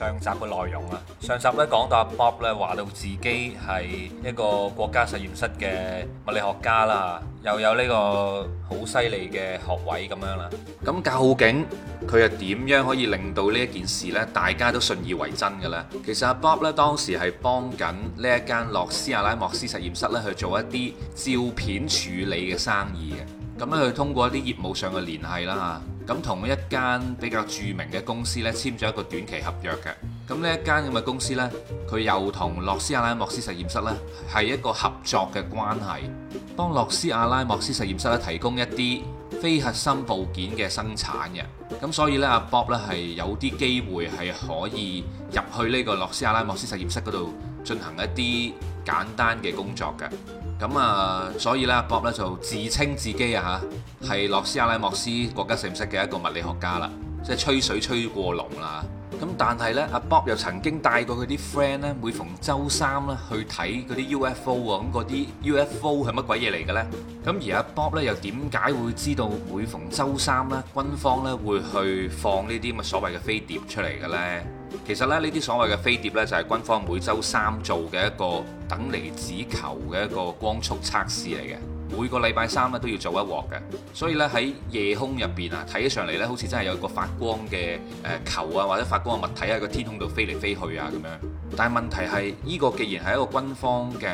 上集嘅內容啊，上集咧講到阿 Bob 咧話到自己係一個國家實驗室嘅物理學家啦，又有呢個好犀利嘅學位咁樣啦。咁究竟佢又點樣可以令到呢一件事咧，大家都信以為真嘅呢？其實阿 Bob 咧當時係幫緊呢一間洛斯阿拉莫斯實驗室咧去做一啲照片處理嘅生意嘅。咁咧佢通過一啲業務上嘅聯繫啦嚇。咁同一間比較著名嘅公司咧簽咗一個短期合約嘅，咁呢一間咁嘅公司呢，佢又同洛斯阿拉莫斯實驗室呢係一個合作嘅關係，幫洛斯阿拉莫斯實驗室咧提供一啲非核心部件嘅生產嘅，咁所以呢，阿 Bob 咧係有啲機會係可以入去呢個洛斯阿拉莫斯實驗室嗰度進行一啲簡單嘅工作嘅。咁啊，所以咧、啊，Bob 咧就自稱自己啊吓，係洛斯阿拉莫斯國家實驗室嘅一個物理學家啦、啊，即係吹水吹過龍啦。咁、啊、但係呢，阿、啊、Bob 又曾經帶過佢啲 friend 呢，每逢周三呢去睇嗰啲 UFO 啊，咁嗰啲 UFO 係乜鬼嘢嚟嘅呢？咁而阿 Bob 咧又點解會知道每逢周三呢，軍方呢會去放呢啲咁嘅所謂嘅飛碟出嚟嘅呢？其實咧，呢啲所謂嘅飛碟呢，就係軍方每週三做嘅一個等離子球嘅一個光速測試嚟嘅。每個禮拜三咧都要做一鑊嘅，所以呢，喺夜空入邊啊，睇起上嚟呢，好似真係有個發光嘅誒球啊，或者發光嘅物體喺個天空度飛嚟飛去啊咁樣。但係問題係，呢個既然係一個軍方嘅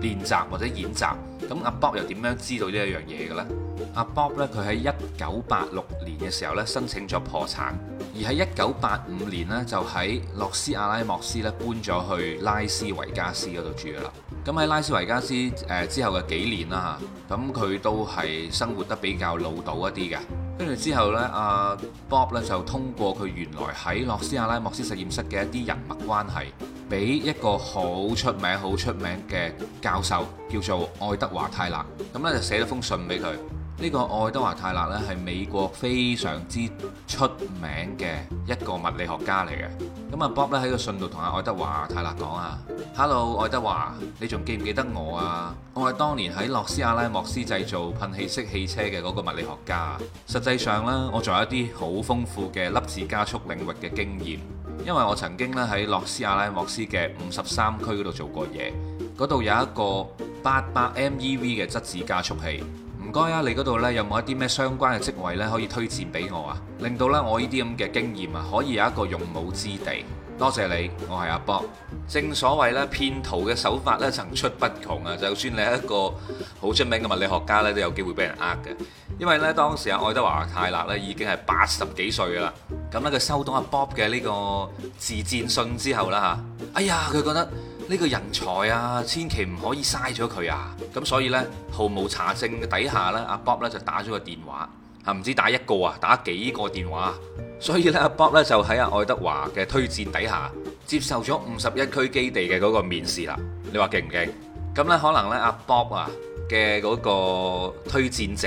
練習或者演習，咁阿 Bob 又點樣知道呢一樣嘢嘅呢？阿 Bob 咧，佢喺一九八六年嘅時候咧申請咗破產，而喺一九八五年咧就喺洛斯阿拉莫斯咧搬咗去拉斯維加斯嗰度住啦。咁喺拉斯維加斯誒之後嘅幾年啦，咁佢都係生活得比較老道一啲嘅。跟住之後咧，阿 Bob 咧就通過佢原來喺洛斯阿拉莫斯實驗室嘅一啲人物關係，俾一個好出名、好出名嘅教授叫做愛德華泰勒，咁咧就寫咗封信俾佢。呢個愛德華泰勒咧係美國非常之出名嘅一個物理學家嚟嘅。咁阿 Bob 咧喺個信度同阿愛德華泰勒講啊，Hello，愛德華，你仲記唔記得我啊？我係當年喺洛斯阿拉莫斯製造噴氣式汽車嘅嗰個物理學家。實際上呢，我仲有一啲好豐富嘅粒子加速領域嘅經驗，因為我曾經咧喺洛斯阿拉莫斯嘅五十三區嗰度做過嘢，嗰度有一個八百 MeV 嘅質子加速器。唔該啊，你嗰度呢有冇一啲咩相關嘅職位呢可以推薦俾我啊？令到呢我呢啲咁嘅經驗啊，可以有一個用武之地。多謝你，我係阿 Bob。正所謂呢騙徒嘅手法呢，層出不窮啊！就算你係一個好出名嘅物理學家呢，都有機會俾人呃嘅。因為呢當時阿愛德華泰勒呢已經係八十幾歲㗎啦。咁呢，佢收到阿 Bob 嘅呢個自薦信之後啦嚇，哎呀佢覺得。呢個人才啊，千祈唔可以嘥咗佢啊！咁所以呢，毫無查證底下呢，阿、啊、Bob 咧就打咗個電話嚇，唔、啊、知打一個啊，打幾個電話。所以呢，阿、啊、Bob 咧就喺阿、啊、愛德華嘅推薦底下接受咗五十一區基地嘅嗰個面試啦。你話勁唔勁？咁呢，可能呢，阿 Bob 啊嘅嗰個推薦者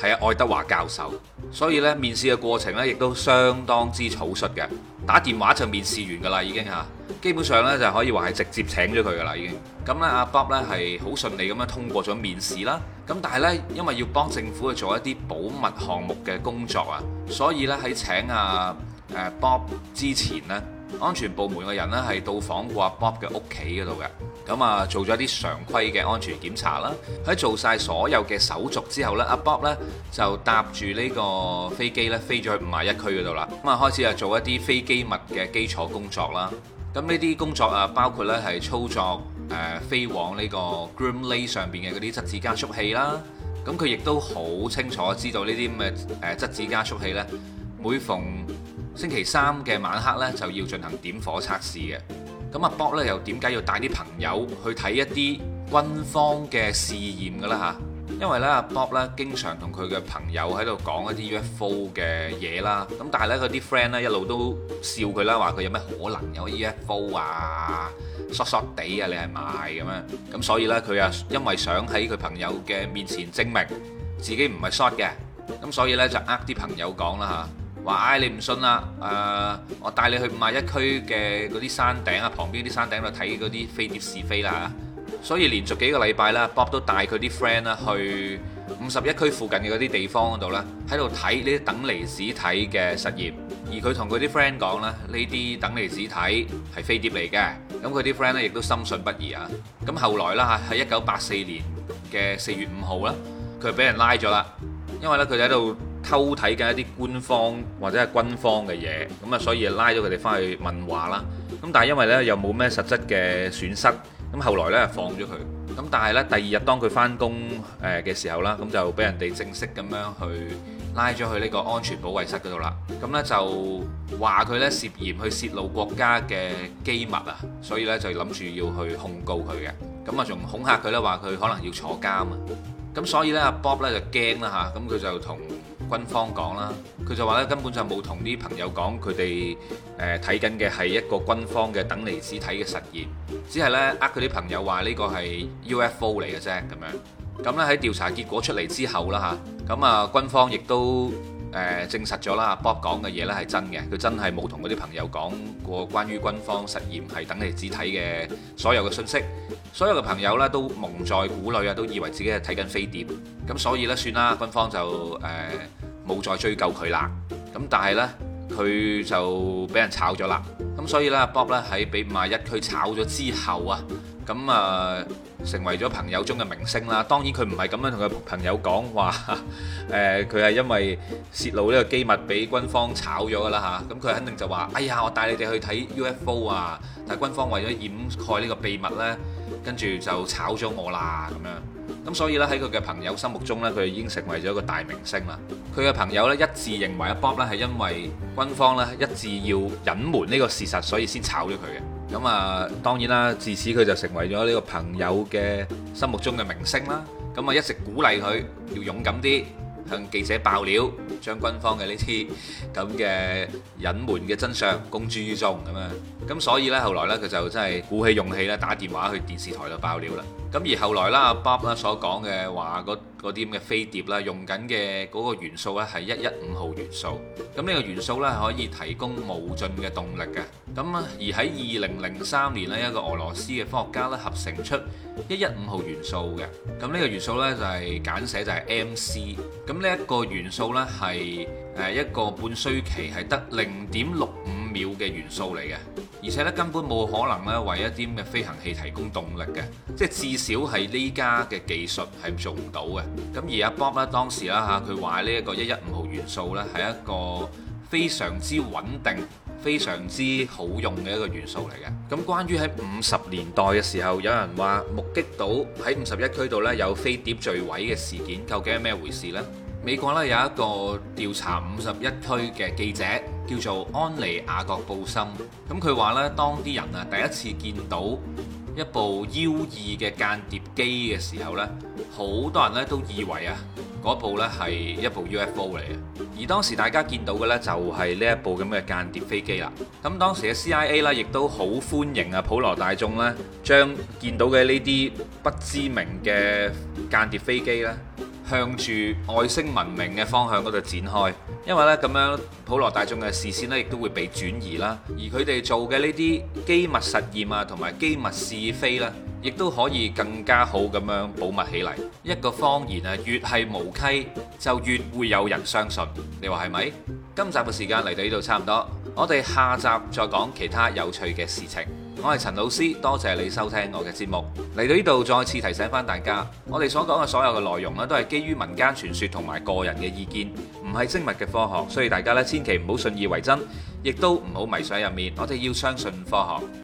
係阿、啊、愛德華教授。所以咧，面試嘅過程咧，亦都相當之草率嘅。打電話就面試完噶啦，已經嚇。基本上咧，就可以話係直接請咗佢噶啦，已經。咁咧，阿、啊、Bob 咧係好順利咁樣通過咗面試啦。咁但係咧，因為要幫政府去做一啲保密項目嘅工作啊，所以咧喺請阿、啊、誒、啊、Bob 之前咧，安全部門嘅人咧係到訪過阿、啊、Bob 嘅屋企嗰度嘅。咁啊，做咗一啲常規嘅安全檢查啦。喺做晒所有嘅手續之後咧，阿 Bob 呢就搭住呢個飛機呢飛咗去五十一區嗰度啦。咁啊，開始啊做一啲飛機密嘅基礎工作啦。咁呢啲工作啊，包括呢係操作誒飛往呢個 Groom Lake 上邊嘅嗰啲質子加速器啦。咁佢亦都好清楚知道呢啲咁嘅誒質子加速器呢，每逢星期三嘅晚黑呢，就要進行點火測試嘅。咁阿 Bob 咧又點解要帶啲朋友去睇一啲軍方嘅試驗㗎啦吓，因為咧阿 Bob 咧經常同佢嘅朋友喺度講一啲 UFO 嘅嘢啦，咁但係咧佢啲 friend 咧一路都笑佢啦，話佢有咩可能有 UFO 啊？short short 地啊，你係咪咁啊？咁所以咧佢啊因為想喺佢朋友嘅面前證明自己唔係 short 嘅，咁所以咧就呃啲朋友講啦嚇。話唉，你唔信啦？誒、呃，我帶你去五十一區嘅嗰啲山頂啊，旁邊啲山頂度睇嗰啲飛碟是非啦。所以連續幾個禮拜啦，Bob 都帶佢啲 friend 啦去五十一區附近嘅嗰啲地方度咧，喺度睇呢啲等離子體嘅實驗。而佢同佢啲 friend 講咧，呢啲等離子體係飛碟嚟嘅。咁佢啲 friend 咧亦都深信不疑啊。咁後來啦嚇，喺一九八四年嘅四月五號啦，佢俾人拉咗啦，因為咧佢就喺度。偷睇緊一啲官方或者係軍方嘅嘢，咁啊，所以拉咗佢哋翻去問話啦。咁但係因為咧又冇咩實質嘅損失，咁後來咧放咗佢。咁但係咧第二日當佢翻工誒嘅時候啦，咁就俾人哋正式咁樣去拉咗去呢個安全保衞室嗰度啦。咁咧就話佢咧涉嫌去泄露國家嘅機密啊，所以咧就諗住要去控告佢嘅。咁啊仲恐嚇佢咧話佢可能要坐監啊。咁所以咧阿 Bob 咧就驚啦嚇，咁佢就同，軍方講啦，佢就話咧根本就冇同啲朋友講佢哋誒睇緊嘅係一個軍方嘅等離子體嘅實驗，只係咧呃佢啲朋友話呢個係 UFO 嚟嘅啫咁樣。咁咧喺調查結果出嚟之後啦吓，咁啊軍方亦都誒證實咗啦，Bob 講嘅嘢咧係真嘅，佢真係冇同嗰啲朋友講過關於軍方實驗係等離子體嘅所有嘅信息，所有嘅朋友咧都蒙在鼓裏啊，都以為自己係睇緊飛碟。咁所以咧算啦，軍方就誒。冇再追究佢啦，咁但係呢，佢就俾人炒咗啦，咁所以呢，Bob 咧喺俾五十一區炒咗之後啊，咁啊成為咗朋友中嘅明星啦。當然佢唔係咁樣同佢朋友講話，誒佢係因為泄露呢個機密俾軍方炒咗噶啦吓，咁、啊、佢肯定就話：哎呀，我帶你哋去睇 UFO 啊！但係軍方為咗掩蓋呢個秘密呢，跟住就炒咗我啦咁樣。咁所以咧喺佢嘅朋友心目中呢，佢已經成為咗一個大明星啦。佢嘅朋友呢，一致認為阿 Bob 呢係因為軍方呢一致要隱瞞呢個事實，所以先炒咗佢嘅。咁啊，當然啦，自此佢就成為咗呢個朋友嘅心目中嘅明星啦。咁啊，一直鼓勵佢要勇敢啲。向記者爆料，將軍方嘅呢啲咁嘅隱瞞嘅真相公諸於眾咁樣！咁所以咧，後來咧佢就真係鼓起勇氣咧，打電話去電視台度爆料啦。咁而後來啦，阿 Bob 啦所講嘅話嗰啲咁嘅飛碟啦，用緊嘅嗰個元素咧係一一五號元素，咁呢個元素咧可以提供無盡嘅動力嘅。咁啊，而喺二零零三年咧，一個俄羅斯嘅科學家咧合成出一一五號元素嘅。咁呢個元素咧就係、是、簡寫就係 MC。咁呢一個元素咧係誒一個半衰期係得零點六五秒嘅元素嚟嘅。而且咧根本冇可能咧為一啲嘅飛行器提供動力嘅，即係至少係呢家嘅技術係做唔到嘅。咁而阿 Bob 咧當時啦嚇，佢話呢一個一一五號元素咧係一個非常之穩定、非常之好用嘅一個元素嚟嘅。咁關於喺五十年代嘅時候，有人話目擊到喺五十一區度咧有飛碟墜毀嘅事件，究竟係咩回事呢？美國咧有一個調查五十一區嘅記者。叫做安妮亞格布森，咁佢話呢，當啲人啊第一次見到一部 U 二嘅間諜機嘅時候呢，好多人呢都以為啊，嗰部呢係一部 UFO 嚟嘅，而當時大家見到嘅呢，就係呢一部咁嘅間諜飛機啦。咁當時嘅 CIA 呢，亦都好歡迎啊，普羅大眾呢，將見到嘅呢啲不知名嘅間諜飛機呢。向住外星文明嘅方向嗰度展開，因為咧咁樣普羅大眾嘅視線咧，亦都會被轉移啦。而佢哋做嘅呢啲機密實驗啊，同埋機密試飛咧，亦都可以更加好咁樣保密起嚟。一個謊言啊，越係無稽，就越會有人相信。你話係咪？今集嘅時間嚟到呢度差唔多。我哋下集再講其他有趣嘅事情。我係陳老師，多謝你收聽我嘅節目。嚟到呢度，再次提醒返大家，我哋所講嘅所有嘅內容呢，都係基於民間傳說同埋個人嘅意見，唔係精密嘅科學，所以大家呢千祈唔好信以為真，亦都唔好迷上入面。我哋要相信科學。